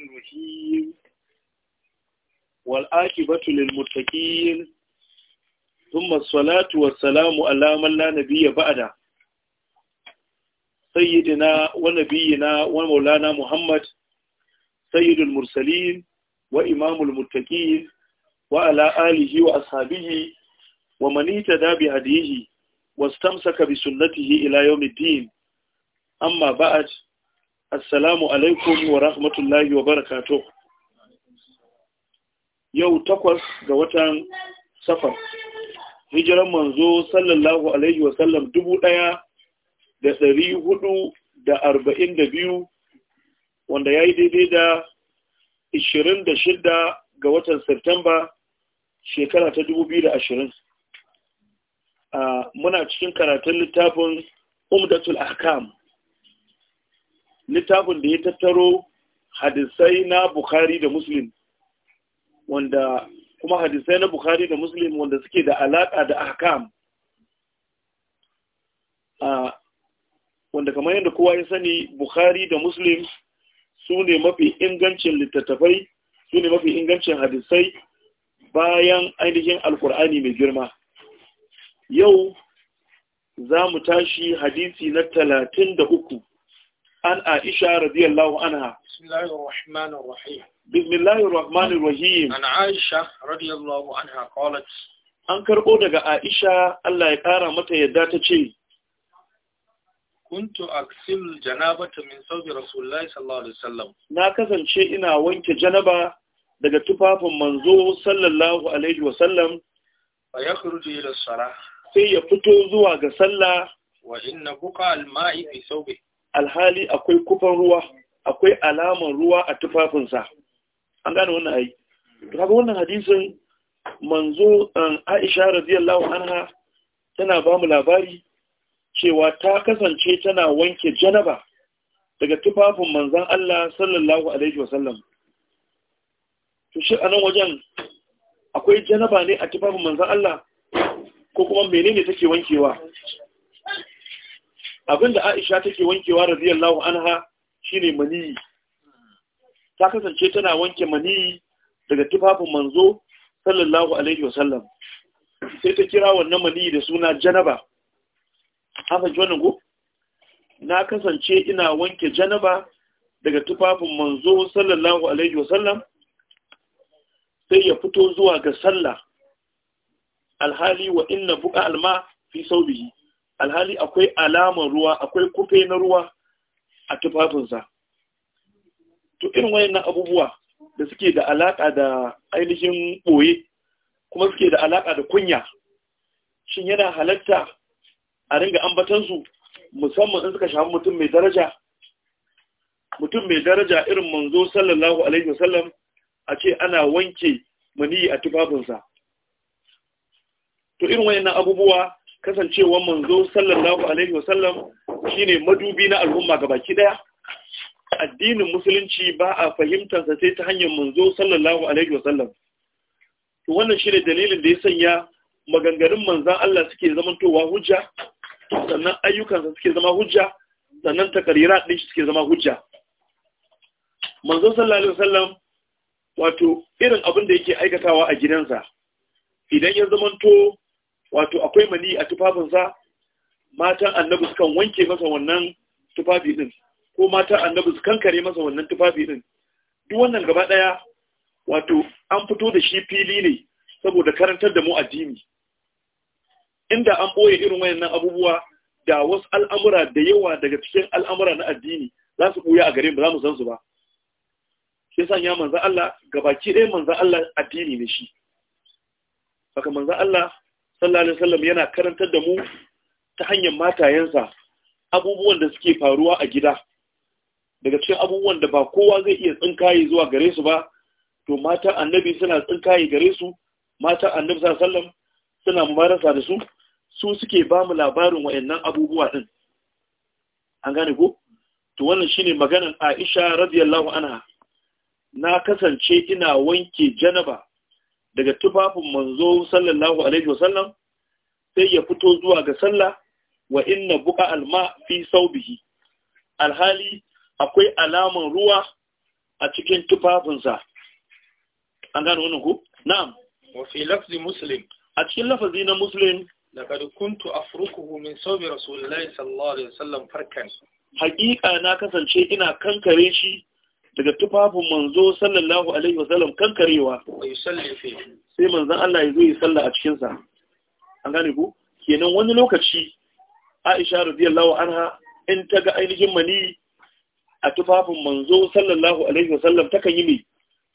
الرحمن الرحيم والآكبة للمتقين ثم الصلاة والسلام على من لا نبي بعده سيدنا ونبينا ومولانا محمد سيد المرسلين وإمام المتقين وعلى آله وأصحابه ومن اهتدى بهديه واستمسك بسنته إلى يوم الدين أما بعد assalamu alaikum wa rahmatullahi wa barakato yau takwas ga watan safar hijiran manzo sallallahu alaihi wa sallam dubu ɗaya da ɗari hudu da arba'in da biyu wanda ya yi daidai da ishirin da shida ga watan Satumba shekara ta dubu biyu da ashirin muna cikin karatun littafin umdatul ahkam littafin da ya tattaro hadisai na Bukhari da Muslim wanda kuma hadisai na Bukhari da Muslim wanda suke da alaƙa da ahkam a wanda kamar yadda kowa ya sani Bukhari da Muslim su ne mafi ingancin littattafai su ne mafi ingancin hadisai bayan ainihin alkur'ani mai girma yau za mu tashi hadisi na talatin da uku an Aisha radiyallahu anha Bismillahir Rahmanir Rahim Bismillahir Rahmanir Rahim an Aisha radiyallahu anha qalat an karbo daga Aisha Allah ya kara mata yadda ta ce kuntu aksil janabata min sawbi Rasulullahi sallallahu alaihi wasallam na kasance ina wanke janaba daga tufafin manzo sallallahu alaihi wasallam fa yakhruju ila sai ya fito zuwa ga sallah wa inna buqa al-ma'i fi alhali akwai kufan ruwa akwai alaman ruwa a tufafinsa an gane wannan ai kaga wannan hadisin manzo um, Aisha radiyallahu anha tana ba mu labari cewa ta kasance tana wanke janaba daga tufafin manzan Allah sallallahu alaihi wasallam to shi anan wajen akwai janaba ne a tufafin manzan Allah ko kuma menene take wankewa abinda Aisha take wankewa radiyallahu anha shine maniyi ta kasance tana wanke maniyi daga tufafin manzo sallallahu alaihi wasallam sai ta kira wannan maniyi da suna janaba haka ji go na kasance ina wanke janaba daga tufafin manzo sallallahu alaihi wasallam sai ya fito zuwa ga sallah alhali wa inna buqa alma fi saubihi alhali akwai alaman ruwa akwai kufe na ruwa a tufafinsa to irin wayannan abubuwa da suke da alaka da ainihin boye kuma suke da alaka da kunya shin yana halatta a ringa ambatansu musamman in suka shafi mutum mai daraja mutum mai daraja irin manzo sallallahu alaihi wasallam a ce ana wanke maniyi a tufafinsa to irin wayannan abubuwa kasancewar manzo sallallahu alaihi wasallam shine madubi na al'umma gabaki daya addinin musulunci ba a sa sai ta hanyar manzo sallallahu alaihi wasallam to wannan shine dalilin da ya sanya maganganun manzan Allah suke zamantowa hujja sannan ayyukansa suke zama hujja sannan takarira din shi suke zama hujja manzo sallallahu alaihi wasallam wato irin abin da yake aikatawa a gidansa idan ya zamanto wato akwai mani a tufafinsa matan annabi sukan wanke masa wannan tufafi din ko matan annabi su kankare masa wannan tufafi ɗin duk wannan gaba ɗaya wato an fito da shi fili ne saboda karantar da mu addini inda an ɓoye irin wayannan abubuwa da wasu al'amura da yawa daga cikin al'amura na addini za su buya a gare mu za mu san su ba shi yasa ya manzo Allah gabaki ɗaya manzo Allah addini ne shi haka manzo Allah sallallahu alaihi yana karantar da mu ta hanyar matayensa abubuwan da suke faruwa a gida daga cikin abubuwan da ba kowa zai iya tsinkaye zuwa gare su ba to matan annabi suna tsinkaye gare su matan annabi sallallahu alaihi suna mubarasa da su su suke ba mu labarin wayannan abubuwa din an gane ko to wannan shine maganar Aisha radiyallahu anha na kasance ina wanke janaba daga tufafin manzo sallallahu alaihi wasallam sai ya fito zuwa ga sallah wa inna buqa alma fi saubihi alhali akwai alaman ruwa a cikin tufafinsa an gano wannan ku na'am wa fi lafzi muslim a cikin lafazi na muslim laqad kuntu afrukuhu min saubi rasulillahi sallallahu alaihi wasallam farkan haqiqa na kasance ina kankare shi daga tufafin manzo sallallahu alaihi wasallam kankarewa sai manzan Allah ya zo yi sallah a cikinsa an gane ku kenan wani lokaci aisha radiyallahu anha in ta ga ainihin mani a tufafin manzo sallallahu alaihi wasallam takan yi mai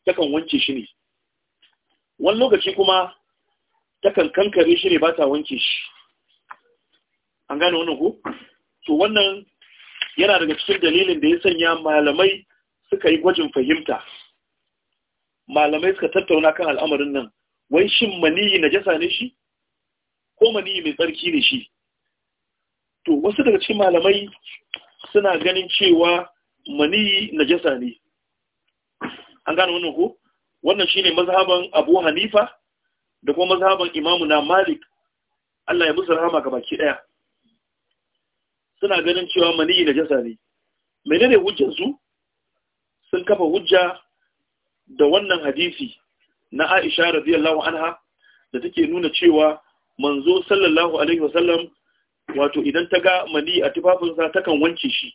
takan wanke shi ne wani lokaci kuma takan kankare shi ne ba ta wanke shi an gane wannan ku to wannan yana daga cikin dalilin da ya sanya malamai suka yi gwajin fahimta malamai suka tattauna kan al'amarin nan wai shin maniyi na jasa ne shi ko maniyi mai tsarki ne shi to wasu daga cikin malamai suna ganin cewa maniyi na jasa ne an gane wannan ko wannan shine mazhaban Abu Hanifa da kuma mazhaban Imamu na Malik Allah ya musu rahama ga baki daya suna ganin cewa maniyi na jasa ne menene hujjar su sun kafa hujja da wannan hadisi na Aisha radiyallahu anha da take nuna cewa manzo sallallahu alaihi wasallam wato idan ta ga mani a tufafinsa takan wanke shi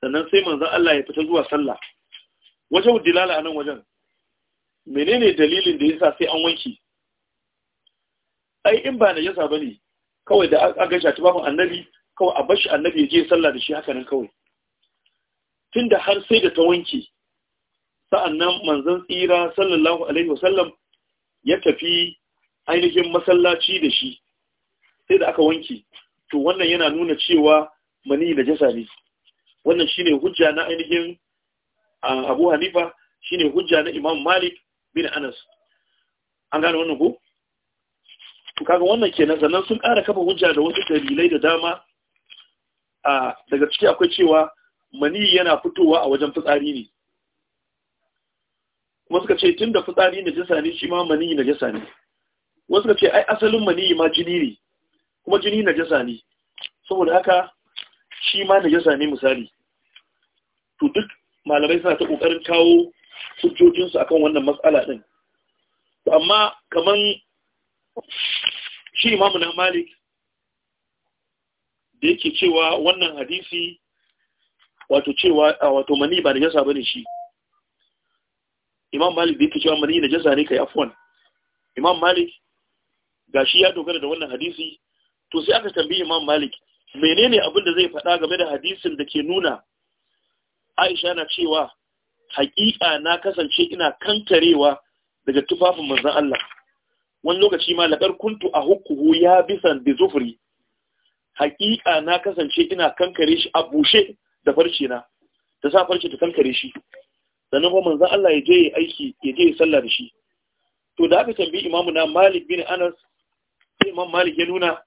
sannan sai manzo Allah ya fita zuwa sallah wajen dilala a wajen menene dalilin da yasa sai an wanke ai in ba na yasa bane kawai da aka gasha tufafin annabi kawai a bashi annabi ya je sallah da shi haka nan kawai da har sai da ta wanke sa'annan manzon tsira sallallahu alaihi wasallam ya tafi ainihin masallaci da shi sai da aka wanke to wannan yana nuna cewa mani da jasa ne wannan shine hujja na ainihin Abu Hanifa shine hujja na Imam Malik bin Anas an gane wannan ko kaga wannan kenan sannan sun kara kafa hujja da wasu dalilai da dama daga ciki akwai cewa mani yana fitowa a wajen fitsari ne wasu suka ce tun da fitsari na jisa ne shi ma mani na jisa ne wasu ka ce ai asalin mani ma jini ne kuma jini na jisa ne saboda haka shi ma na jisa ne misali to duk malamai suna ta kokarin kawo hujjojinsu akan wannan matsala din to amma kaman shi imamu na malik da yake cewa wannan hadisi wato cewa wato mani ba najasa bane shi imam malik da yake cewa mani najasa ne kai afwan imam malik gashi ya dogara da wannan hadisi to sai aka tambayi imam malik menene abin da zai faɗa game da hadisin da ke nuna aisha na cewa haƙiƙa na kasance ina kankarewa daga tufafin manzon Allah wani lokaci ma laƙar kuntu a hukuhu ya bisan da zufuri haƙiƙa na kasance ina kankare shi a bushe da farce na ta sa farce ta kankare shi sannan kuma manzon Allah ya je ya aiki ya je ya sallah da shi to da aka tambayi imamu na Malik bin Anas sai Imam Malik ya nuna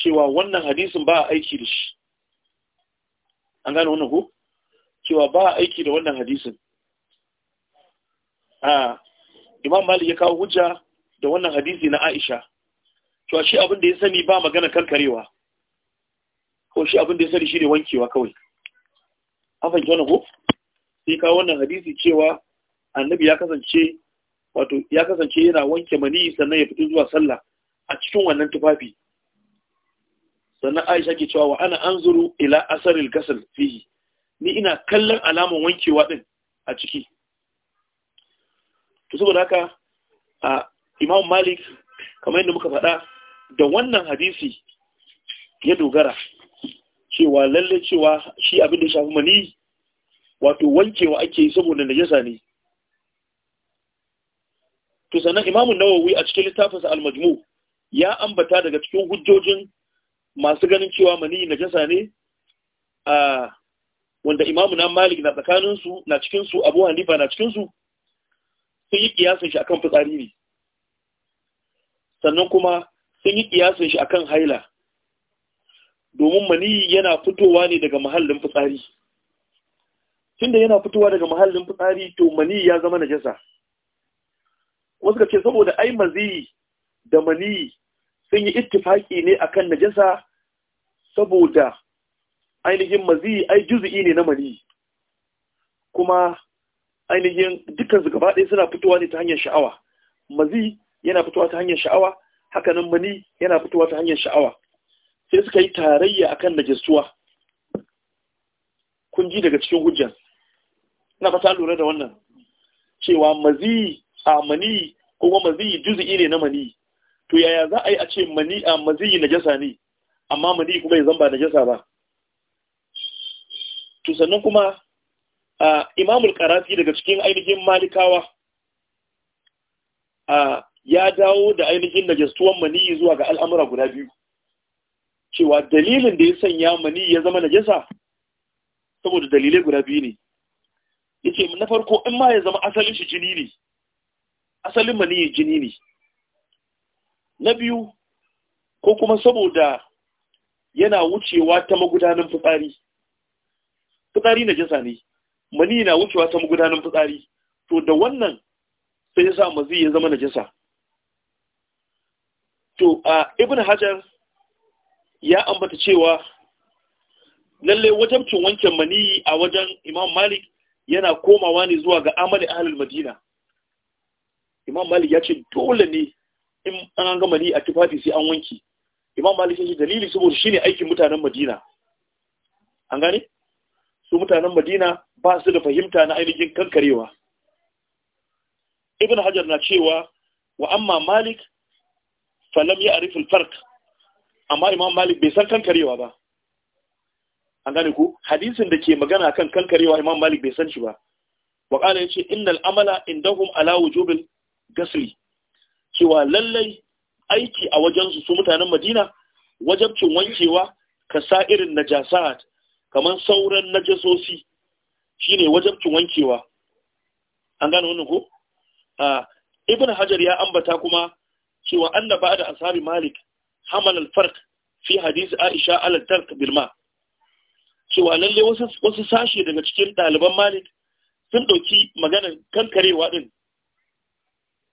cewa wannan hadisin ba a aiki da shi an gane wannan ko cewa ba a aiki da wannan hadisin a Imam Malik ya kawo hujja da wannan hadisi na Aisha cewa shi abin da ya sani ba magana kankarewa ko shi abin da ya sani shi ne wankewa kawai an ke wani ko sai ka wannan hadisi cewa annabi ya kasance wato ya kasance yana wanke mani sannan ya fito zuwa sallah a cikin wannan tufafi sannan Aisha ke cewa wa ana anzuru ila asaril gasar fihi ni ina kallon alaman wankewa din a ciki to saboda haka a Imam Malik kamar yadda muka faɗa da wannan hadisi ya dogara cewa lalle cewa shi abin da ya shafi mani wato wankewa ake yi saboda najasa ne to sannan imamu nawawi a cikin littafinsa al almajmu ya ambata daga cikin hujjojin masu ganin cewa mani najasa ne a wanda imamu na malik na tsakaninsu na cikinsu abu hanifa na cikinsu sun yi kiyasin shi akan fitsari ne sannan kuma sun yi kiyasin shi akan haila domin maniyi yana fitowa ne daga mahallin fitsari tunda yana fitowa daga muhallin fitsari to maniyi ya zama najasa wasu ce saboda ai mazi da maniyi sun yi ittifaki ne akan najasa saboda ainihin mazi ai juzu'i ne na maniyi kuma ainihin dukkan su gaba suna fitowa ne ta hanyar sha'awa mazi yana fitowa ta hanyar sha'awa hakanan mani yana fitowa ta hanyar sha'awa sai suka yi tarayya akan najistuwa kun ji daga cikin hujjan na fata lura da wannan cewa mazi a mani kuma mazi juz'i ne na mani to yaya za a yi a ce mani a mazi najasa ne amma mani kuma ya zamba najasa ba to sannan kuma imamul karafi daga cikin ainihin malikawa ya dawo da ainihin najasuwan mani zuwa ga al'amura guda biyu cewa dalilin da ya sanya mani ya zama na jasa saboda dalilai guda biyu ne ce na farko in ma ya zama asalin shi jini ne asalin mani jini ne na biyu ko kuma saboda yana wucewa ta magudanin fitsari fitsari na jasa ne mani na wucewa ta magudanin fitsari to da wannan sai ya sa mazi ya zama na jasa, to a ibn hajar ya ambata cewa lalle wajabcin wanke maniyi a wajen imam malik yana komawa ne zuwa ga amali ahalul madina imam malik ya ce dole ne in an ga maniyi a tufafi sai an wanki imam malik ya ce dalili saboda shi ne aikin mutanen madina an gane su mutanen madina ba su da fahimta na ainihin kankarewa ibn hajar na cewa wa amma malik falam ya arifin farka amma imam malik bai san kankarewa ba an gane ku hadisin da ke magana kan kankarewa imam malik bai san shi ba waƙala ya ce innal amala indahum ala wujubin gasli cewa lallai aiki a wajensu su mutanen madina wajabcin wankewa ka sa irin najasat kamar sauran najasosi shine wajabcin wankewa an gane wannan ko ah, ibn hajar ya ambata kuma cewa annaba da ashabi malik hamal fark, fi hadisi Aisha ala tark bilma cewa lalle wasu wasu sashe daga cikin ɗaliban Malik sun ɗauki maganar kankarewa din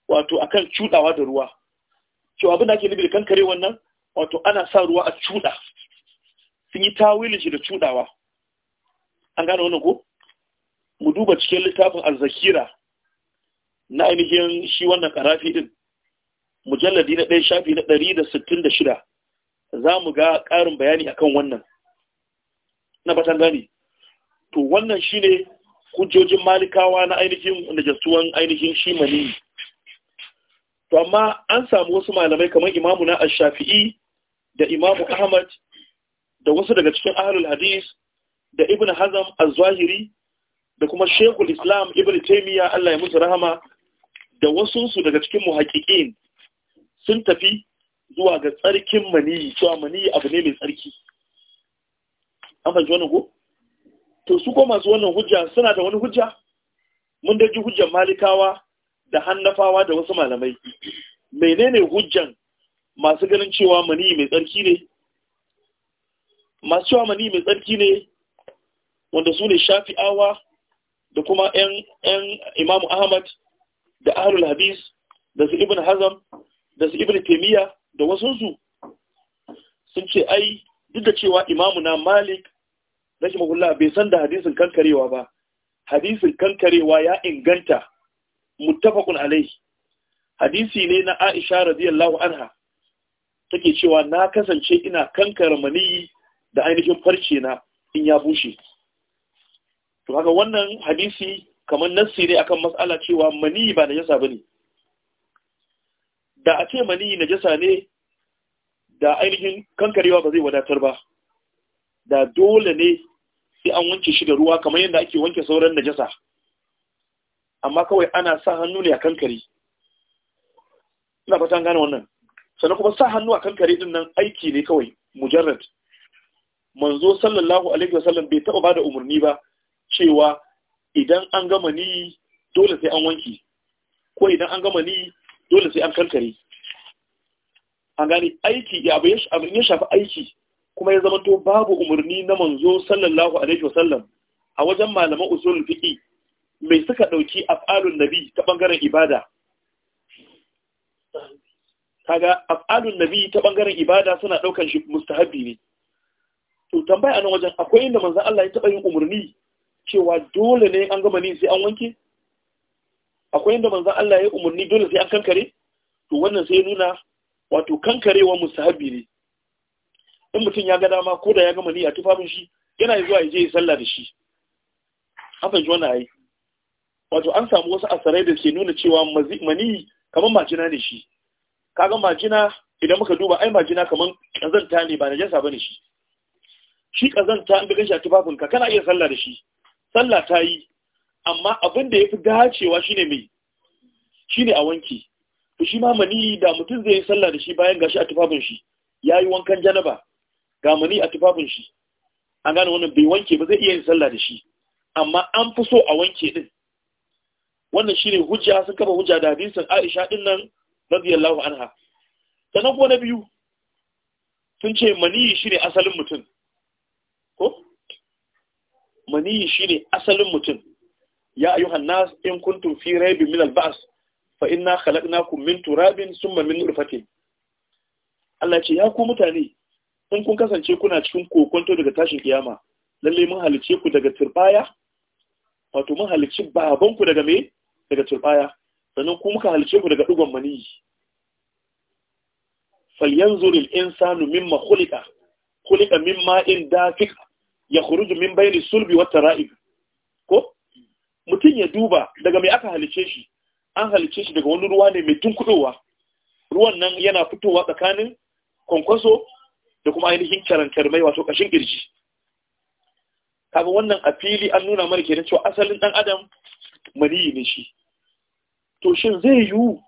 wato akan cudawa da ruwa cewa abin da ake nufi da kankare wannan wato ana sa ruwa a cuda sun yi tawilin shi da cudawa an gane wannan ko mu duba cikin littafin al-zakira na ainihin shi wannan karafi din mujalladi na ɗaya shafi na ɗari da sittin da shida za mu ga ƙarin bayani a kan wannan na batan gani to wannan shi ne hujjojin malikawa na ainihin jasuwan ainihin shi maniyi to amma an samu wasu malamai kamar imamu na ashafi'i da imamu ahmad da wasu daga cikin ahlul hadis da ibn hazam azwahiri da kuma shekul islam ibn Taimiyya Allah ya musu rahama da wasu su daga cikin muhaƙiƙin sun tafi zuwa ga tsarkin maniyi cewa maniyi abu ne mai tsarki an fahimci wannan ko to su ko masu wannan hujja suna da wani hujja mun daji hujjan malikawa da hannafawa da wasu malamai menene hujjan masu ganin cewa maniyi mai tsarki ne masu cewa maniyi mai tsarki ne wanda su ne shafi'awa da kuma 'yan imamu ahmad da ahlul hadis da su ibn hazam da su ibn taymiya da wasansu sun ce ai duk da cewa imamu na malik mahulla bai san da hadisin kankarewa ba hadisin kankarewa ya inganta muttafaqun alai hadisi ne na Aisha radiyallahu anha take cewa na kasance ina kankare maniyi da ainihin farce na in ya bushe to haka wannan hadisi kamar nassi ne akan mas'ala cewa maniyi ba yasa bane da a ce na najasa ne da ainihin kankarewa ba zai wadatar ba da dole ne sai an wanke shi da ruwa kamar yadda ake wanke sauran najasa amma kawai ana sa hannu ne a kankare ina fatan gane wannan sannan kuma sa hannu a kankare din nan aiki ne kawai mujarrad manzo sallallahu alaihi wasallam bai taba bada umarni ba cewa idan an gama ni dole sai an wanke ko idan an gama ni dole sai an kankare an gane aiki ya abu ya shafi aiki kuma ya zama to babu umarni na manzo sallallahu alaihi wasallam a wajen malaman usulul fiqi mai suka ɗauki af'alun nabi ta bangaren ibada kaga af'alun nabi ta bangaren ibada suna daukan shi mustahabi ne to tambaya nan wajen akwai inda manzo Allah ya taba yin umarni cewa dole ne an gama ni sai an wanke akwai inda manzan Allah ya umarni dole sai an kankare to wannan sai nuna wato kankarewa musahabi ne in mutum ya ga dama ko da ya gama niyya tufafin shi yana zuwa ya je ya sallah da shi an fahimci wannan ai wato an samu wasu asarai da ke nuna cewa mani kamar majina ne shi kaga majina idan muka duba ai majina kamar kazanta ne ba najasa bane shi shi kazanta an ga gashi a tufafin ka kana iya sallah da shi sallah ta yi amma abin da ya fi dacewa ne mai shine a wanki to shi ma mani da mutum zai yi sallah da shi bayan gashi a tufafin shi ya yi wankan janaba ga mani a tufafin shi an gane wannan bai wanke ba zai iya yin sallah da shi amma an fi so a wanke din wannan shine hujja sun kafa hujja da hadisin Aisha din nan radiyallahu anha sannan kuma na biyu sun ce maniyi ne asalin mutum ko shi ne asalin mutum ya ayyuhan الناس in كنتم في ريب من البعث bas خلقناكم من تراب min turabin summa min Allah ce ya ku mutane in kun kasance kuna cikin kokonto daga tashin kiyama lalle mun halice ku daga turbaya wato mun halice baban ku daga me daga turbaya sannan ku muka halice ku daga dugon maniyi falyanzur al-insanu mimma khuliqa khuliqa mimma in dafiq yakhruju min bayni sulbi wat tara'ib ko mutum ya duba daga mai aka halice shi an halice shi daga wani ruwa ne mai tunkudowa ruwan nan yana fitowa tsakanin kwankwaso da kuma ainihin karankar mai wato kashin kirji kaga wannan a fili an nuna mana kenan cewa asalin dan adam maniyi ne shi to shin zai yiwu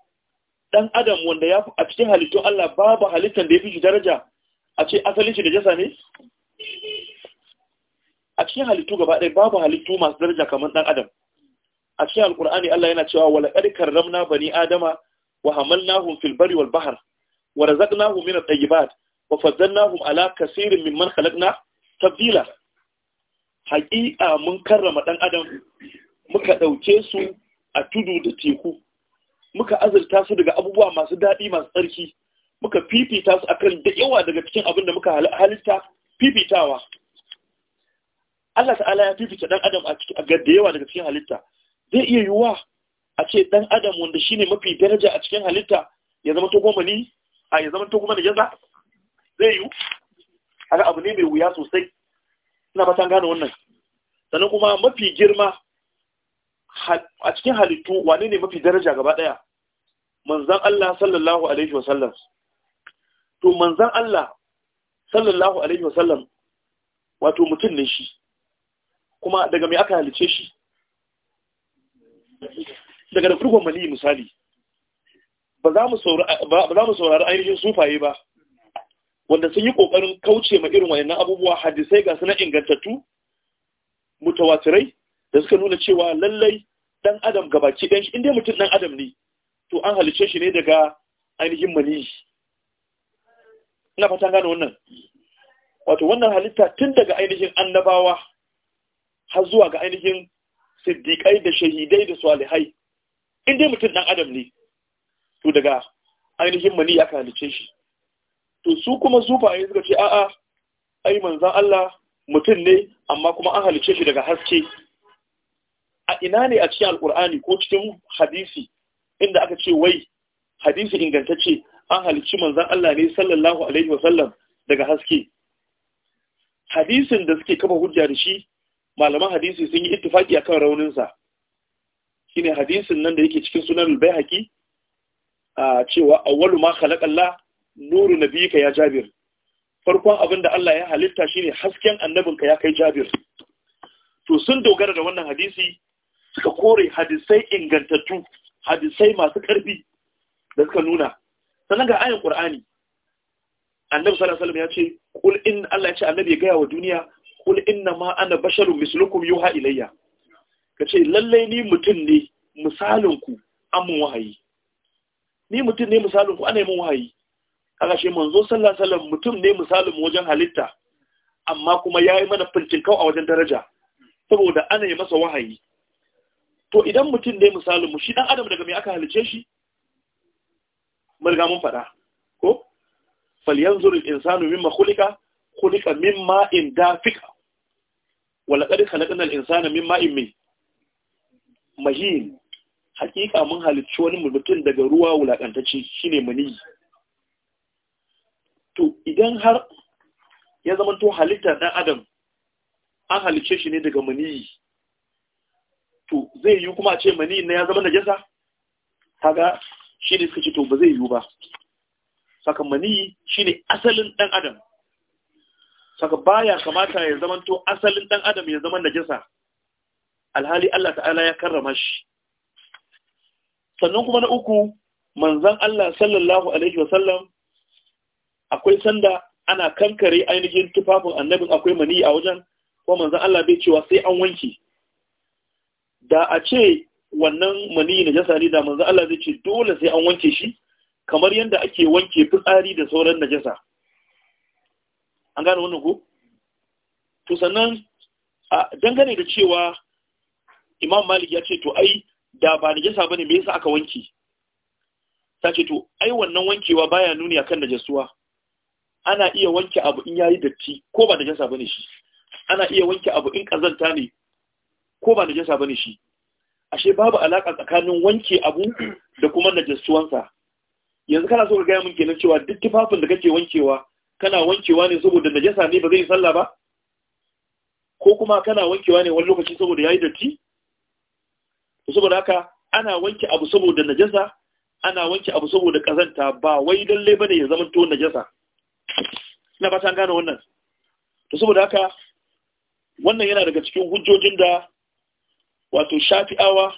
dan adam wanda ya fi a cikin halittun Allah babu halittar da ya fi shi daraja a ce asalin shi da jasa ne a cikin halittu gaba ɗaya babu halittu masu daraja kamar dan adam a cikin alkur'ani Allah yana cewa wala qad karramna bani adama wa hamalnahum fil barri wal bahr wa razaqnahum min at-tayyibat wa faddalnahum ala kaseerin mimman khalaqna tabdila haqiqa mun karrama dan adam muka dauke su a tudu da teku muka azurta su daga abubuwa masu daɗi masu tsarki muka fifita su akan da yawa daga cikin abin da muka halitta fifitawa Allah ta'ala ya fifita dan adam a cikin da yawa daga cikin halitta zai iya yiwuwa a ce dan adam wanda shine mafi daraja a cikin halitta ya zama to gomani a ya zama to goma najasa zai yiwu haka abu ne mai wuya sosai ina fatan gane wannan sannan kuma mafi girma a cikin halittu wane ne mafi daraja gaba daya manzan Allah sallallahu alaihi wa sallam to manzan Allah sallallahu alaihi wa sallam wato mutum ne shi kuma daga mai aka halice shi daga da furkon mali misali ba za mu saurari ainihin sufaye ba wanda sun yi ƙoƙarin kauce ma irin wayannan abubuwa hadisai ga suna ingantattu mutawatirai da suka nuna cewa lallai dan adam gabaki ɗan shi inda mutum dan adam ne to an halice shi ne daga ainihin mali ina fatan gane wannan wato wannan halitta tun daga ainihin annabawa har zuwa ga ainihin siddiƙai da shahidai da salihai in dai mutum ɗan adam ne to daga ainihin mani aka halice shi to su kuma sufaye suka ce a'a ai manzan Allah mutum ne amma kuma an halice shi daga haske a ina ne a cikin alkur'ani ko cikin hadisi inda aka ce wai hadisi ingantacce an halici manzan Allah ne sallallahu alaihi wasallam daga haske hadisin da suke kafa hujja da shi malaman hadisi sun yi ittifaki akan rauninsa shine hadisin nan da yake cikin sunan al-baihaqi a cewa awwalu ma khalaqa Allah nuru nabiyika ya Jabir farkon abin da Allah ya halitta shine hasken annabinka ya kai Jabir to sun dogara da wannan hadisi suka kore hadisai ingantattu hadisai masu karfi da suka nuna sannan ga ayan Qur'ani annabi sallallahu alaihi wasallam ya ce kul in Allah ya ce annabi ya gaya wa duniya kul inna ma ana basharun mislukum yuha ilayya kace lallai ni mutum ne misalin ku amun wahayi ni mutum ne misalin ku ana yi mun wahayi kaga shi manzo sallallahu alaihi wasallam mutum ne misalin wajen halitta amma kuma yayi mana fintin kau a wajen daraja saboda ana yi masa wahayi to idan mutum ne misalin mu shi dan adam daga me aka halice shi mun ga mun faɗa ko falyanzur al-insanu mimma khuliqa kulika min ma'in dafika wala qad khalaqna al-insana min ma'in mai mahin hakika mun halicci wani mutum daga ruwa wulakantacce shine mani to idan har ya zama to halittar dan adam an halicce shi ne daga mani to zai yi kuma a ce mani na ya zama najasa kaga shi ne suka ce to ba zai yi ba saka mani shine asalin dan adam saka baya kamata ya zama to asalin dan adam ya zama najasa alhali Allah ta'ala ya karrama shi sannan kuma na uku manzon Allah sallallahu alaihi wasallam akwai sanda ana kankare ainihin tufafin annabin akwai mani a wajen ko manzon Allah bai cewa sai an wanke da a ce wannan mani najasa ne da manzon Allah zai ce dole sai an wanke shi kamar yadda ake wanke fitsari da sauran najasa an gane wannan ko to sannan dangane da cewa imam malik ya ce to ai da ba najasa bane me yasa aka wanke ta ce to ai wannan wankewa baya nuni akan najasuwa ana iya wanke abu in yayi datti ko ba najasa bane shi ana iya wanke abu in kazanta ne ko ba najasa bane shi ashe babu alaka tsakanin wanke abu da kuma najasuwansa yanzu kana so ka gaya min kenan cewa duk tufafin da kake wankewa kana wankewa ne saboda najasa ne ba zai yi sallah ba ko kuma kana wankewa ne wani lokaci saboda yayi datti to saboda haka ana wanke abu saboda najasa ana wanke abu saboda kazanta ba wai lalle bane ya zama to najasa ina ba ta gane wannan to saboda haka wannan yana daga cikin hujjojin da wato shafi'awa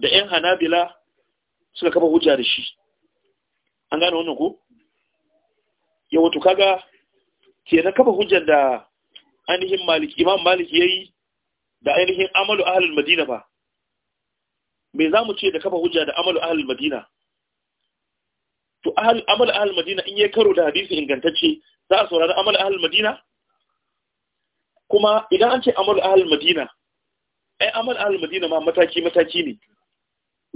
da 'yan hanabila suka kafa hujja da shi an gane wannan ko ya wato kaga ke na kafa hujjar da ainihin maliki imam maliki ya yi da ainihin amalu ahalul madina ba me za mu ce da kafa hujja da amalu ahalul madina to amalu ahalul madina in ya karo da hadisi ingantacce za a saurari amalu ahalul madina kuma idan an ce amalu ahalul madina ai amalu ahalul madina ma mataki mataki ne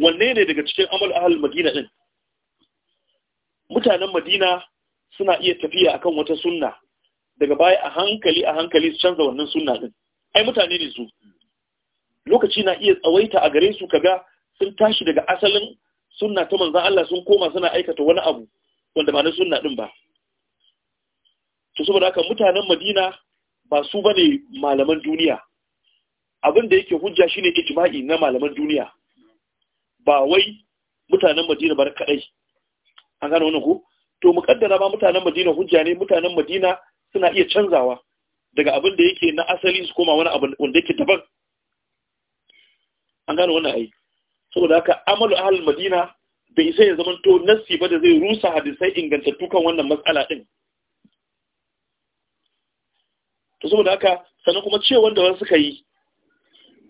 wanne ne daga cikin amalu ahalul madina din mutanen madina suna iya tafiya akan wata sunna daga baya a hankali a hankali su canza wannan sunna din ai mutane ne su lokaci na iya tsawaita a gare su kaga sun tashi daga asalin sunna ta manzan Allah sun koma suna aikata wani abu wanda ba na sunna din ba to saboda haka mutanen Madina ba su bane malaman duniya abin da yake hujja shine ijma'i na malaman duniya ba wai mutanen Madina ba kadai an gane wannan ko to muƙaddara ma mutanen madina hujja ne mutanen madina suna iya canzawa daga abin da yake na asali su koma wani abu wanda yake daban an gane wannan ai saboda haka amalu ahal madina bai isa ya zaman to nassi ba da zai rusa hadisai ingantattu kan wannan matsala din to saboda haka sannan kuma ce wanda wani suka yi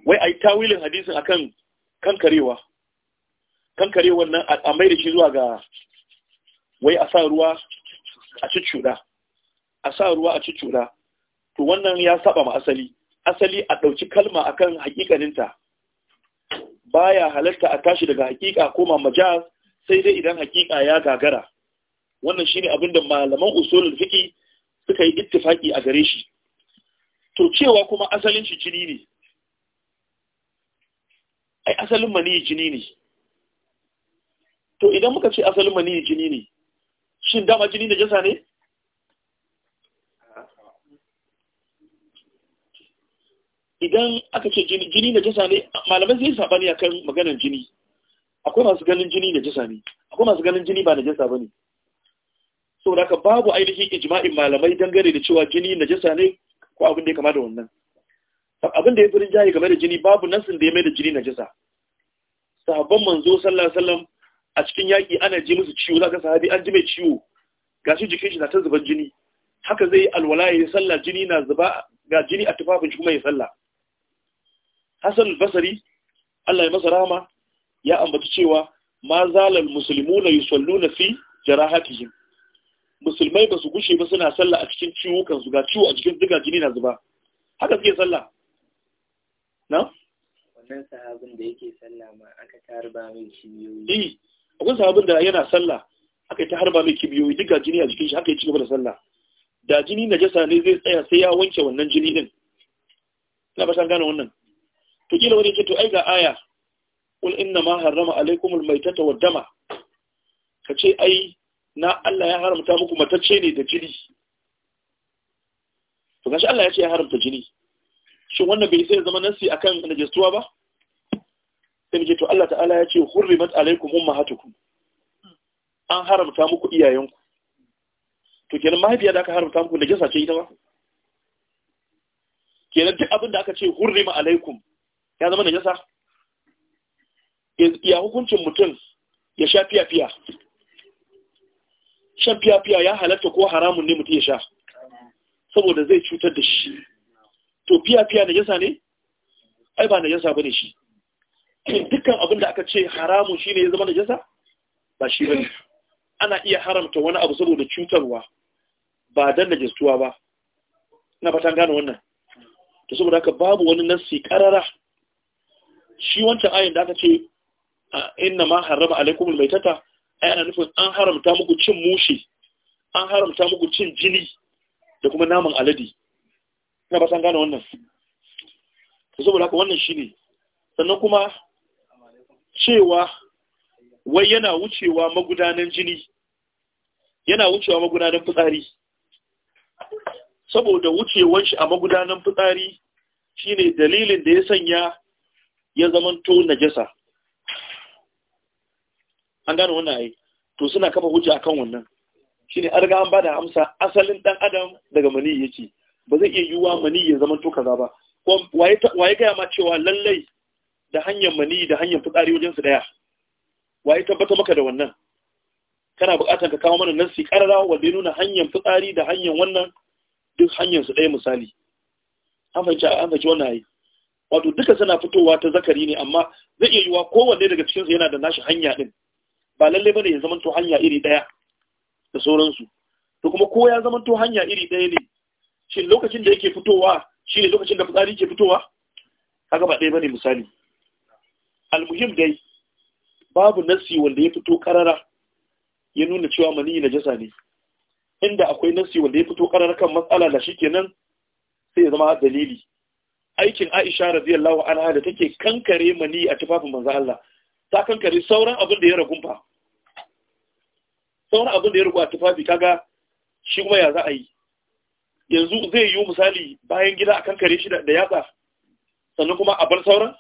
wai ai tawilin hadisin akan kankarewa kankarewa nan a mai da shi zuwa ga wai a sa ruwa a cuda, a sa ruwa a cuda, to wannan ya saba ma asali asali a ɗauki kalma akan hakikaninta baya halarta a tashi daga hakika koma majaz sai dai idan hakika ya gagara wannan shine abinda malaman usulul fiqi suka yi ittifaki a gare shi to cewa kuma asalin shi jini ne ai asalin mani jini ne to idan muka ce asalin mani jini ne shin dama jini da jasa ne idan aka ce jini da jasa ne malamai zai sabani akan maganar jini akwai masu ganin jini da jasa ne akwai masu ganin jini ba da jasa ne. saboda ka babu ainihin ijima'in malamai dangane da cewa jini na jasa ne ko abin da ya kama da wannan abin da ya furin jaye game da jini babu nasin da ya mai da jini na jasa sahabban manzo sallallahu alaihi wasallam a cikin yaƙi ana ji musu ciwo za ka sahabi an ji mai ciwo ga shi jikin shi na ta zuban jini haka zai yi alwala ya yi sallah jini na zuba ga jini a tufafin shi kuma ya sallah hasan basari allah ya masa rama, ya ambaci cewa ma zalal yusallu na fi jarahatihim musulmai ba su gushe ba suna sallah a cikin kan su ga ciwo a cikin zuga jini na zuba haka suke sallah na wannan sahabin da yake sallah ma aka tarba mai ciwo akwai sababin da yana sallah aka yi ta harba mai kibiyoyi duk ga jini a jikin shi aka yi cigaba da sallah da jini na jasa ne zai tsaya sai ya wanke wannan jini din na ba gane wannan to kila wani ke to ai ga aya kul inna ma harrama alaikum almaytata wad dama kace ai na Allah ya haramta muku matacce ne da jini to gashi Allah ya ce ya haramta jini shin wannan bai sai zama nasi akan najistuwa ba sai mu ce to Allah ta'ala ya ce hurrimat alaikum ummahatukum an haramta muku iyayenku to kenan mahaifiya da aka haramta muku da jasa ce ita ba kenan duk abin da aka ce hurrima alaikum ya zama najasa ya hukuncin mutum ya sha fiya-fiya shan fiya-fiya ya halatta ko haramun ne mutum ya sha saboda zai cutar da shi to fiya-fiya najasa ne ai ba najasa ne shi dukkan abin da aka ce haramun shi ne ya zama najasa ba shi bane ana iya haramta wani abu saboda cutarwa ba dan najistuwa ba na fatan gane wannan to saboda haka babu wani nassi karara shi wancan ayin da aka ce inna ma harrama alaikumul maitata ai ana nufin an haramta muku cin mushi an haramta muku cin jini da kuma naman alade na fatan gane wannan to saboda haka wannan shine sannan kuma cewa wai yana wucewa magudanan jini yana wucewa magudanan fitsari saboda wucewar shi a magudanan fitsari shine dalilin da ya sanya ya zamanto najasa an gano wannan ai to suna kafa hujja akan wannan shine an riga an bada amsa asalin dan adam daga mani yake ba zai iya yiwuwa mani ya zamanto kaza ba waye gaya ma cewa lallai da hanyar mani da hanyar fitsari wajensu su daya waye tabbata maka da wannan kana bukatar ka kawo mana nan su ƙarara wanda ya nuna hanyar fitsari da hanyar wannan duk hanyar su ɗaya misali an fahimci an fahimci wannan hayi wato duka suna fitowa ta zakari ne amma zai iya yiwa kowanne daga cikinsu yana da nashi hanya din. ba lalle bane ya to hanya iri ɗaya da sauransu to kuma ko ya to hanya iri ɗaya ne shi lokacin da yake fitowa shi ne lokacin da fitsari ke fitowa haka ba ɗaya bane misali almuhim dai babu nassi wanda ya fito karara ya nuna cewa na jasa ne inda akwai nassi wanda ya fito karara kan matsala da shikenan sai ya zama dalili aikin Aisha radiyallahu anha da take kankare mani a tufafin manzo Allah ta kankare sauran abin da ya ragu sauran abin da ya ragu a tufafi kaga shi kuma ya za a yi yanzu zai yi misali bayan gida a kankare shi da yatsa sannan kuma a bar sauran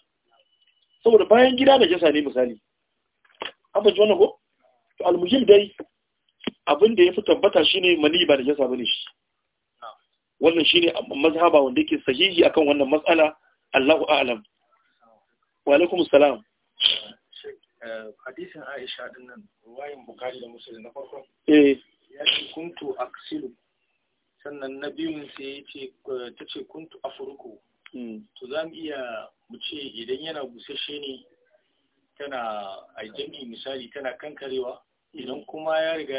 saboda bayan gida da jasa ne misali an fahimci wannan ko to almuhim dai abin da ya fi tabbata shine mali ba da jasa bane shi wannan shine mazhaba wanda yake sahihi akan wannan matsala Allahu a'lam wa alaikum salam eh, hadisin Aisha din nan ruwayin Bukhari da Muslim na farko eh ya ce kuntu aksilu sannan na sai ya ce ta ce kuntu afruku hmm. to za mu iya mu ce idan yana busasshe ne tana a jami misali tana kankarewa idan kuma ya riga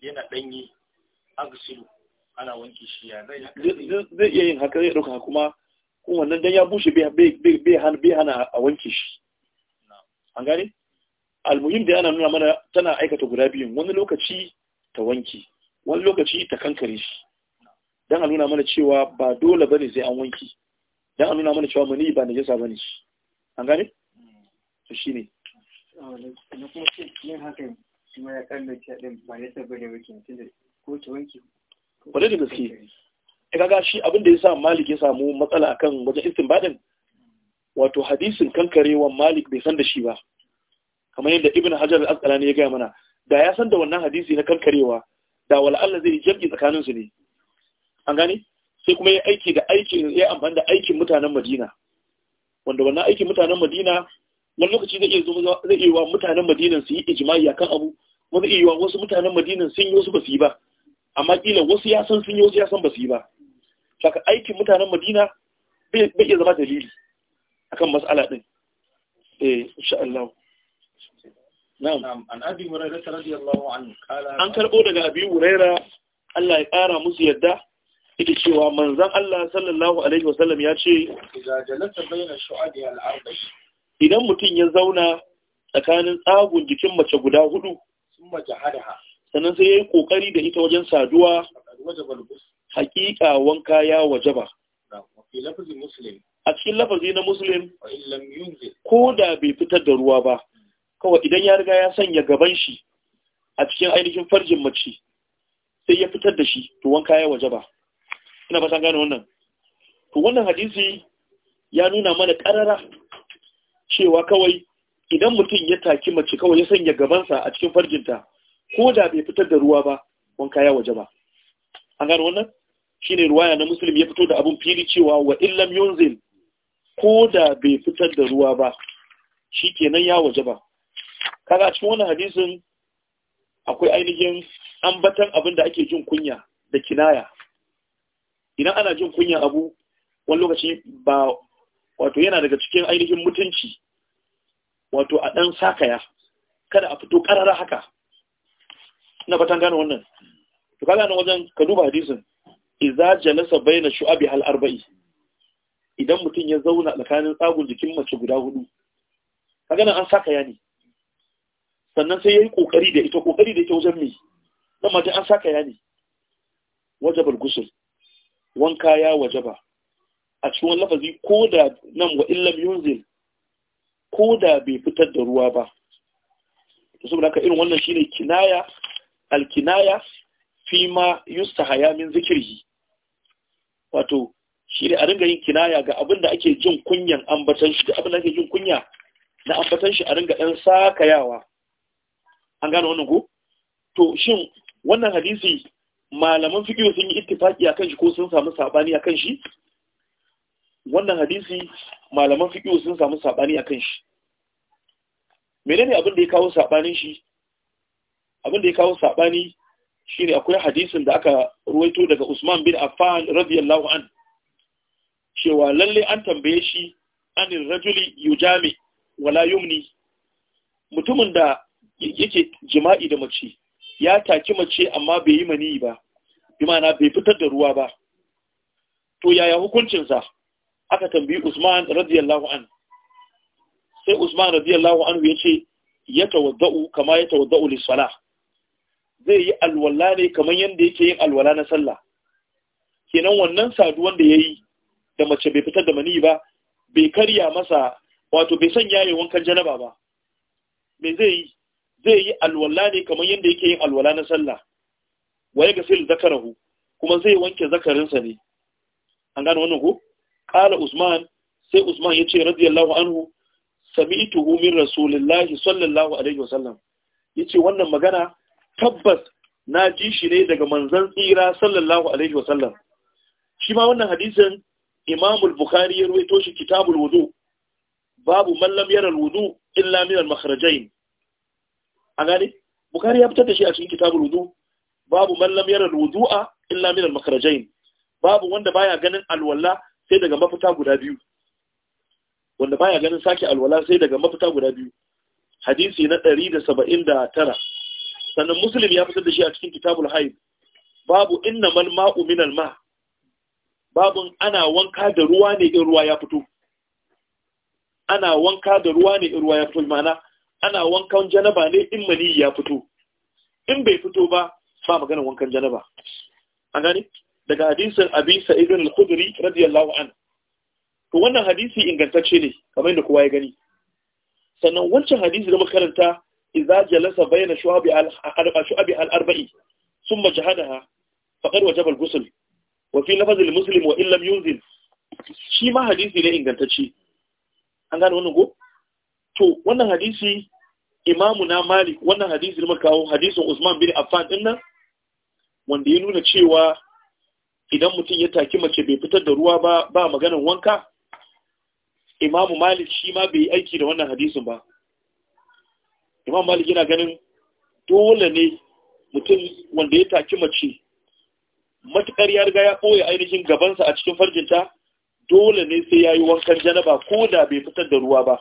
yana ɗanyi aksilu ana wanke shi ya zai iya yin haka zai ɗauka kuma kuma wannan dan ya bushe bai hana a wanke shi an gane almuhim da yana nuna mana tana aikata guda biyun wani lokaci ta wanke wani lokaci ta kankare shi don a nuna mana cewa ba dole bane sai an wanke dan a nuna mana cewa mani ba najasa bane ne, an gane to na kuma yin shi ne. ya da gaske e kaga shi abin da sa Malik ya samu matsala akan wajen istinbadin wato hadisin kankarewan Malik bai san da shi ba kamar yadda Ibn Hajar al-Asqalani ya gaya mana da ya san da wannan hadisi na kankarewa da wala Allah zai jam'i tsakanin su ne an gane sai kuma ya aiki da aiki ya amfani da aikin mutanen madina wanda wannan aikin mutanen madina wani lokaci zai iya zuwa zai iya wa mutanen madina su yi ijma'i akan abu wani iya wa wasu mutanen madina sun yi wasu basu yi ba amma kila wasu ya san sun yi wasu ya san basu yi ba saka aikin mutanen madina bai iya zama dalili akan mas'ala din eh insha Allah na'am an abi hurairah radiyallahu anhu an karbo daga abi hurairah Allah ya kara musu yadda yake cewa manzan Allah sallallahu alaihi wasallam ya ce idan mutum ya zauna tsakanin tsagun jikin mace guda hudu sannan sai ya yi kokari da ita wajen saduwa hakika wanka ya waje ba. a cikin lafazi na musulun, ko da bai fitar da ruwa ba kawai idan ya riga ya sanya gaban shi a cikin ainihin farjin mace sai ya fitar da shi to wanka ya waje ba. ina san gane wannan to wannan hadisi ya nuna mana karara cewa kawai idan mutum ya taki mace kawai ya sanya gabansa a cikin farjinta ko da bai fitar da ruwa ba wanka ya waje ba an gane wannan shine ruwaya na Musulmi ya fito da abun fili cewa wa illam yunzil ko da bai fitar da ruwa ba shi kenan ya waje ba kaga cikin wannan hadisin akwai ainihin ambatan abin da ake jin kunya da kinaya idan ana jin kunya abu wani lokaci ba wato yana daga cikin ainihin mutunci wato a ɗan sakaya kada a fito ƙarara haka ina fatan gane wannan to ka gano wajen ka duba hadisin idza jalasa baina shu'abi hal arba'i idan mutum ya zauna tsakanin tsagun jikin mace guda hudu ka nan an sakaya ne sannan sai yayi kokari da ita kokari da ita wajen me dan mace an sakaya ne wajabal gusul wanka ya wajaba a cikin wani lafazi ko da nan wa illam yunzil ko da bai fitar da ruwa ba to saboda haka irin wannan shine kinaya alkinaya fi ma yustahaya min zikrihi wato shi ne a ringa yin kinaya ga abin da ake jin kunyan ambatan shi abin da ake jin kunya na ambatan shi a ringa ɗan sakayawa an gane wannan ko to shin wannan hadisi malaman fiqh sun yi ittifaki akan shi ko sun samu sabani akan shi wannan hadisi malaman fiqh sun samu sabani akan shi menene abin da ya kawo sabanin shi abin da ya kawo sabani shine akwai hadisin da aka ruwaito daga Usman bin Affan radiyallahu an cewa lalle an tambaye shi anil rajuli yujami wala yumni mutumin da yake jima'i da mace ya taki mace amma bai yi mani ba bi bai fitar da ruwa ba to yaya hukuncinsa aka tambayi usman radiyallahu an sai usman radiyallahu anhu ya ce ya tawadda'u kama ya tawadda'u lissala zai yi alwala ne kamar yadda yake yin alwala na sallah kenan wannan saduwan da ya yi da mace bai fitar da mani ba bai karya masa wato bai sanya yayin wankan janaba ba me zai yi zai yi alwala ne kamar yadda yake yin alwala na sallah waye ga sil zakarahu kuma zai wanke zakarinsa ne an gane wannan ko qala usman sai usman yace radiyallahu anhu sami'tuhu min rasulillahi sallallahu alaihi wasallam yace wannan magana tabbas na ji shi ne daga manzon tsira sallallahu alaihi wasallam shi ma wannan hadisin Imam bukhari ya ruwaito shi Kitabul Wudu babu man lam yara wudu illa min al-makhrajain a gane bukari ya fitar da shi a cikin kitabul wudu babu man lam yara wudu'a illa min al babu wanda baya ganin alwala sai daga mafita guda biyu wanda baya ganin saki alwala sai daga mafita guda biyu hadisi na 179 sannan muslim ya fitar da shi a cikin kitabul haid babu innamal ma'u min al ma babun ana wanka da ruwa ne in ruwa ya fito ana wanka da ruwa ne in ruwa ya fito ma'ana ana wankan janaba ne in mani ya fito in bai fito ba ba maganar wankan janaba an gani. daga hadisin abi sa'id al-khudri radiyallahu anhu to wannan hadisi ingantacce ne kamar yadda kowa ya gani sannan wancan hadisi da makaranta idza jalasa bayna shu'abi al-arba'i shu'abi al-arba'i thumma jahadaha faqad wajaba al-ghusl wa fi lafaz al-muslim wa illam yunzil shi ma hadisi ne ingantacce an gane wannan ko to wannan hadisi imamu na malik wannan hadisi muka kawo hadisin usman bin affan dinnan wanda ya nuna cewa idan mutum ya taki mace bai fitar da ruwa ba ba wanka imamu malik shi ma bai aiki da wannan hadisin ba imamu malik yana ganin dole ne mutum wanda ya taki mace matuƙar ya riga ya ɓoye ainihin gabansa a cikin farjinta dole ne sai ya yi wankan janaba ko da bai fitar da ruwa ba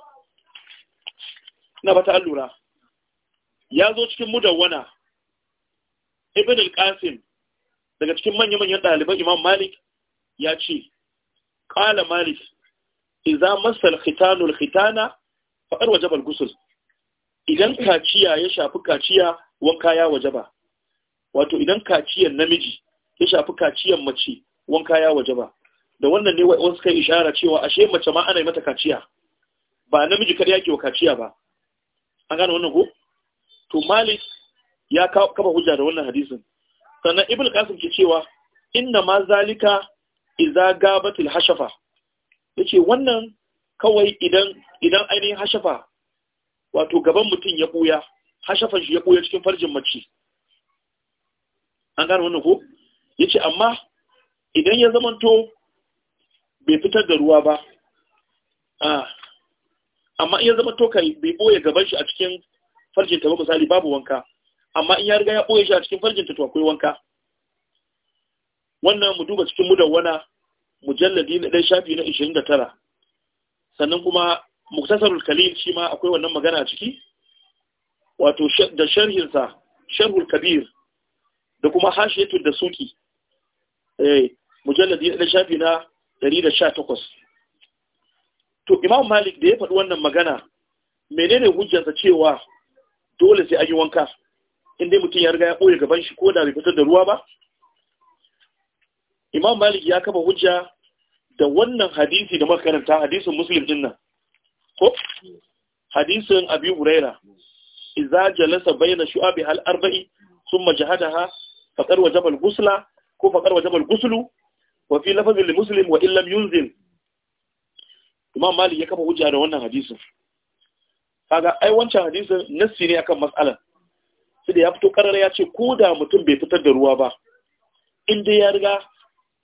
na bata allura. ya zo cikin mudawwana ibn al-qasim daga cikin manya-manyan ɗaliban imam malik ya ce Kala, malik iza masal al khitana faɗar wajaba ghusl idan kaciya ya shafi kaciya wanka ya wajaba wato idan kaciyar namiji ya shafi kaciyar mace wanka ya wajaba da wannan ne wasu kai ishara cewa ashe mace ma ana yi mata kaciya ba namiji kada yake wa kaciya ba an gane wannan ko to malik ya kafa hujja da wannan hadisin sannan ibn qasim ke cewa inna ma zalika idza gabatil hashafa yace wannan kawai idan idan ainihin hashafa wato gaban mutum ya buya hashafan shi ya buya cikin farjin mace an gane wannan ko yace amma idan ya zamanto bai fitar da ruwa ba ah amma in ya zama to kai bai boye gaban shi a cikin farjinta ba misali babu wanka amma in ya riga ya boye shi a cikin farjinta to akwai wanka wannan mu duba cikin mudawwana mujalladi na dan shafi na 29 sannan kuma muktasarul kalil shi ma akwai wannan magana a ciki wato da sharhin sa sharhul kabir da kuma da Suki. eh mujalladi na shafi na 118 to imam malik da ya faɗi wannan magana menene hujjarsa cewa dole sai an yi wanka inda mutum ya riga ya ɓoye gaban shi ko da bai fitar da ruwa ba imam malik ya kafa hujja da wannan hadisi da makaranta hadisin muslim din nan ko hadisin abi huraira idza jalasa bayna shu'abi hal arba'i thumma jahadaha faqad wajaba al-ghusla ko faqad wajaba al-ghuslu wa fi lafzin muslim wa illam yunzil imam malik ya kafa hujja da wannan hadisin kaga ai wancan hadisin nassi ne akan matsalar sai da ya fito karar ya ce ko da mutum bai fitar da ruwa ba in dai ya riga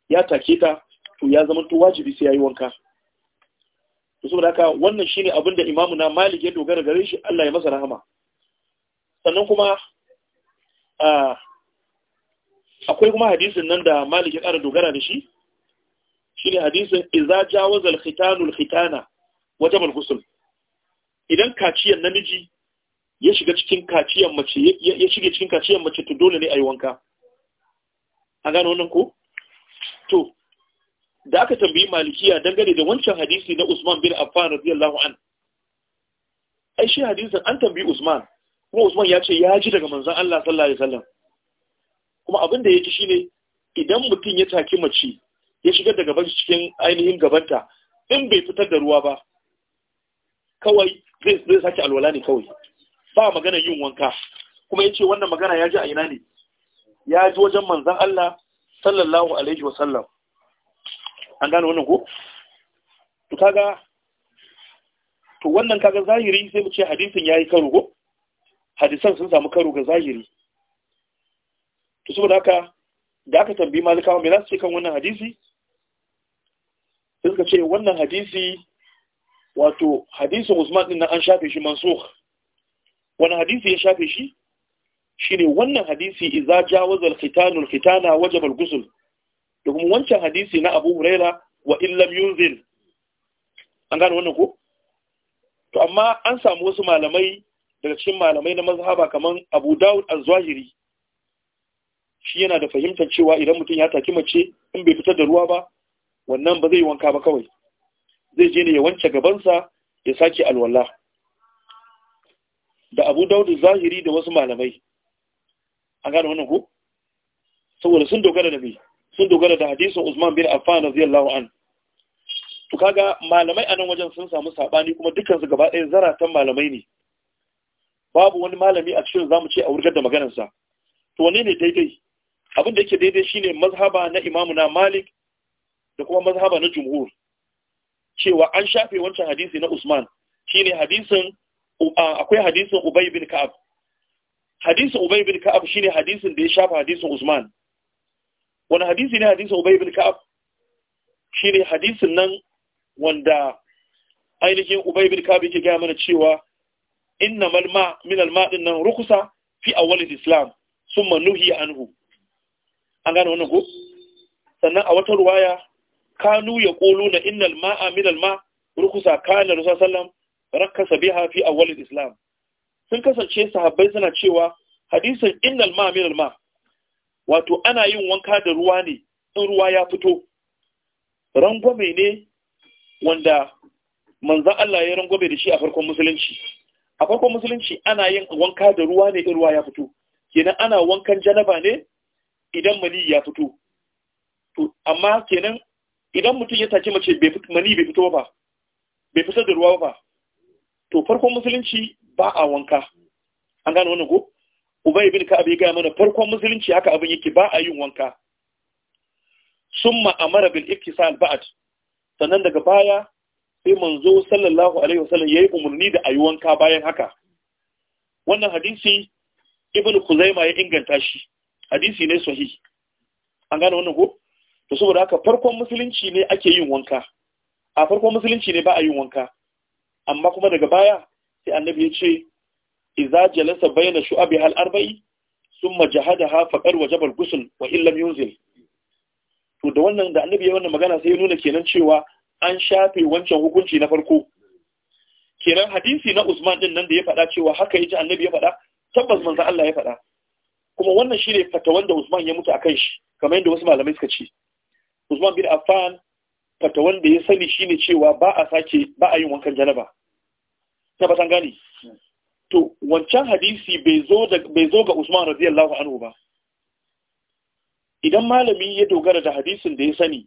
ya take ta to ya zama to wajibi sai yayi wanka to saboda haka wannan shine abin da imamu na malik ya dogara gare shi Allah ya masa rahama sannan kuma a ah, akwai kuma hadisin nan da malik ya kara dogara da shi shine hadisin idza "Iza al-khitanu khitana wajen idan kaciyan namiji ya shiga cikin kaciyan mace ya shiga cikin kaciyan mace to dole ne a yi wanka a gano wannan ko to da aka tambayi malikiya dangane da wancan hadisi na Usman bin Affan radiyallahu an ai shi hadisin an tambayi Usman kuma Usman ya ce ya ji daga manzon Allah sallallahu alaihi wasallam kuma abin da yake shine idan mutum ya taki mace ya shigar da gaban cikin ainihin gabanta in bai fitar da ruwa ba kawai zai sake alwala ne kawai ba magana yin wanka kuma ya ce wannan magana ya ji a ina ne ya ji wajen manzan Allah sallallahu alaihi wasallam an gane wannan ko to kaga to wannan kaga zahiri sai mu ce hadisin yayi karo ko hadisan sun samu karo ga zahiri to saboda haka da aka tambayi malikawa me za su ce kan wannan hadisi suka ce wannan hadisi wato hadisin Usman din na an shafe shi mansukh wani hadisi ya shafe shi shine wannan hadisi idza jawaza al-khitanu al-khitana wajaba al da kuma wancan hadisi na Abu Huraira wa illam yunzil an gane wannan ko to amma an samu wasu malamai daga cikin malamai na mazhaba kamar Abu Dawud az-Zahiri shi yana da fahimtar cewa idan mutum ya taki mace in bai fitar da ruwa ba wannan ba zai wanka ba kawai zai je ne ya wance gabansa ya sake alwala da abu daudu zahiri da wasu malamai an gane wannan ko saboda sun dogara da mai sun dogara da hadisin usman bin affan radiyallahu an to kaga malamai anan wajen sun samu sabani kuma dukkan su gaba ɗaya zaratan malamai ne babu wani malami a cikin zamu ce a wurgar da maganarsa. sa to wane ne daidai abin da yake daidai shine mazhaba na imamu na malik da kuma mazhaba na jumhur cewa an shafe wancan hadisi na Usman shine hadisin akwai hadisin Ubay bin Ka'ab hadisin Ubay bin Ka'ab shine hadisin da ya shafa hadisin Usman wani hadisi ne hadisin Ubay bin Ka'ab shine hadisin nan wanda ainihin Ubay bin Ka'ab yake gaya mana cewa innamal ma min al ma'in nan rukusa fi awwal al-islam summa nuhi anhu an gane wannan ko sannan a wata ruwaya kanu ya ƙolo na innal ma'a minal ma rukusa kana rusa sallam rakasa biha fi awwalil islam sun kasance sahabbai suna cewa hadisin inna ma'a minal ma wato ana yin wanka da ruwa ne in ruwa ya fito rangwame ne wanda manzan Allah ya rangwame da shi a farkon musulunci a farkon musulunci ana yin wanka da ruwa ne in ruwa ya fito kenan ana wankan janaba ne idan mali ya fito amma kenan idan mutum ya saki mace bai mani bai fito ba bai fito da ruwa ba to farkon musulunci ba a wanka an gane wannan ko ubay bin ka'ab ya gaya mana farkon musulunci haka abin yake ba a yin wanka summa amara bil iktisal ba'd sannan daga baya sai manzo sallallahu alaihi wasallam yayi umarni da ayi wanka bayan haka wannan hadisi ibnu kuzaima ya inganta shi hadisi ne sahihi an gane wannan ko to saboda haka farkon musulunci ne ake yin wanka a farkon musulunci ne ba a yin wanka amma kuma daga baya sai annabi ya ce iza jalasa bayna shu'abi hal arba'i thumma jahadaha faqad wajaba al Gusul wa in lam yunzil to da wannan da annabi ya wannan magana sai ya nuna kenan cewa an shafe wancan hukunci na farko kenan hadisi na Usman din nan da ya faɗa cewa haka yaji annabi ya faɗa tabbas manzo Allah ya faɗa kuma wannan shine fatawan da Usman ya mutu akan shi kamar yadda wasu malamai suka ce Usman bin Affan fata wanda ya sani shine cewa ba a sake ba a yin wankan janaba tabbatan gani to wancan hadisi bai zo da bai zo ga Usman radiyallahu anhu ba idan malami ya dogara da hadisin da ya sani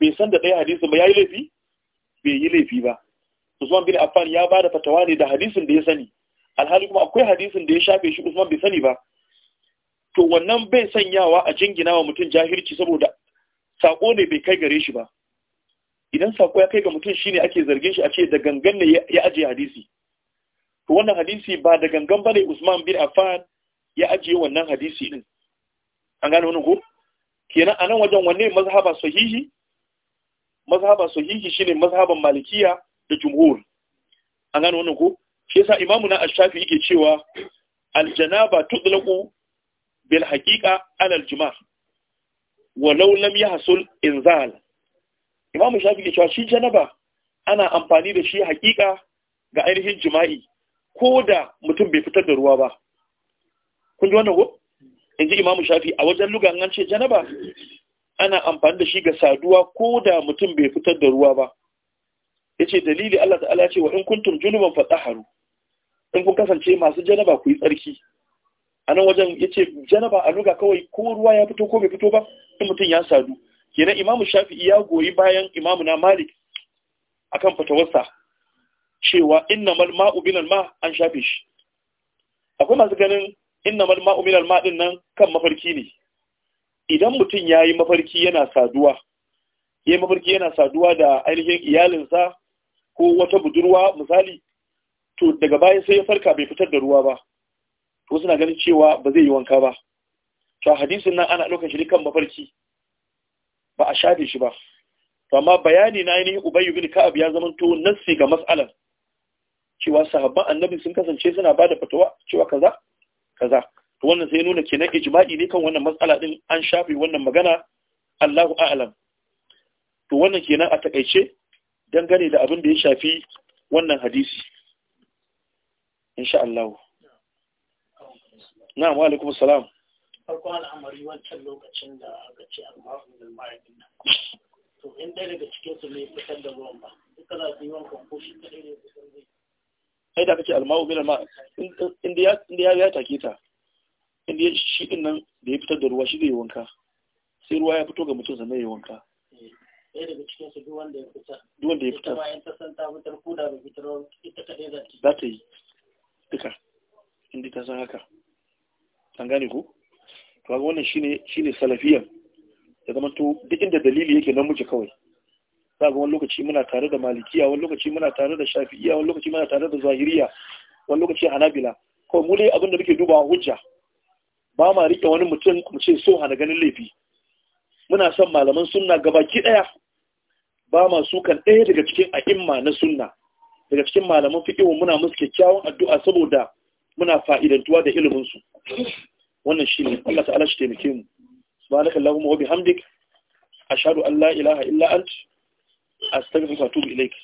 bai san da ɗaya hadisin ba yayi laifi bai yi laifi ba Usman bin Affan ya bada fatawa ne da hadisin da ya sani alhali kuma akwai hadisin da ya shafe shi Usman bai sani ba to wannan bai sanyawa a jingina wa mutum jahilci saboda sako ne bai kai gare shi ba idan sako ya kai ga mutum shine ake zargin shi a ce da gangan ne ya ajiye hadisi to wannan hadisi ba da gangan bane Usman bin Affan ya ajiye wannan hadisi din an gane wannan ko kenan anan wajen wanne mazhaba sahihi mazhaba sahihi shine mazhaban malikiya da jumhur an gane wannan ko shi yasa imamu na ash-shafi yake cewa al-janaba tudlaqu bil haqiqa ala al-jumah walau lam yahsul inzal imamu shafi ke cewa shi janaba ana amfani da shi hakika ga ainihin jima'i ko da mutum bai fitar da ruwa ba kun ji wannan ko in ji imamu shafi a wajen lugan an ce janaba ana amfani da shi ga saduwa ko da mutum bai fitar da ruwa ba yace dalili Allah ta'ala ce wa in kuntum junuban fatsaharu in kun kasance masu janaba ku yi tsarki a nan wajen ya ce janaba a luga kawai ko ruwa ya fito ko bai fito ba in mutum ya sadu kenan imamu shafi'i ya goyi bayan imamu na malik akan fatawarsa cewa innamal ma'u binan ma an shafe shi akwai masu ganin innamal ma'u minal ma din nan kan mafarki ne idan mutum ya yi mafarki yana saduwa ya mafarki yana saduwa da ainihin iyalinsa ko wata budurwa misali to daga baya sai ya farka bai fitar da ruwa ba to suna ganin cewa ba zai yi wanka ba to hadisin nan ana ɗaukar shi kan mafarki ba a shafe shi ba to amma bayani na ainihin ubayyu bin ka'ab ya zama to nassi ga mas'alan cewa sahabban annabi sun kasance suna ba da fatawa cewa kaza kaza to wannan sai nuna kenan ijma'i ne kan wannan masala din an shafe wannan magana Allahu a'lam to wannan kenan a takaice dangane da abin da ya shafi wannan hadisi insha Allah na wa alaikum salam farko al'amari wancan lokacin da aka ce almahu da ma'aikin nan to in ɗaya daga cikin su ne fitar da ruwan ba duka za su yi wankan ko shi kaɗai ne fitar zai ai da ce almahu min alma inda ya ya take ta inda shi din nan da ya fitar da ruwa shi zai yi wanka sai ruwa ya fito ga mutum sannan ya wanka eh, ɗaya daga cikin su duk wanda ya fitar duk wanda ya fitar bayan ta san ta fitar ko da bai fitar ita kadai za ta yi duka inda ta san haka an gane ku ga wannan shine shine salafiyan ya zama to duk inda dalili yake nan muke kawai za ga wani lokaci muna tare da malikiya wani lokaci muna tare da shafi'iya wani lokaci muna tare da zahiriya wani lokaci hanabila kawai mu dai abin da muke dubawa hujja ba ma rike wani mutum mu ce so hana ganin laifi muna son malaman sunna gabaki daya ba ma su kan daya daga cikin a'imma na sunna daga cikin malaman fiqh muna musu kyakkyawan addu'a saboda muna fa'idantuwa da iliminsu wannan shi ne Allah ta'ala shi taimake mu subhanaka allahumma wa hamdi a an Allah ilaha illa ant astaghfiruka wa atubu ilaik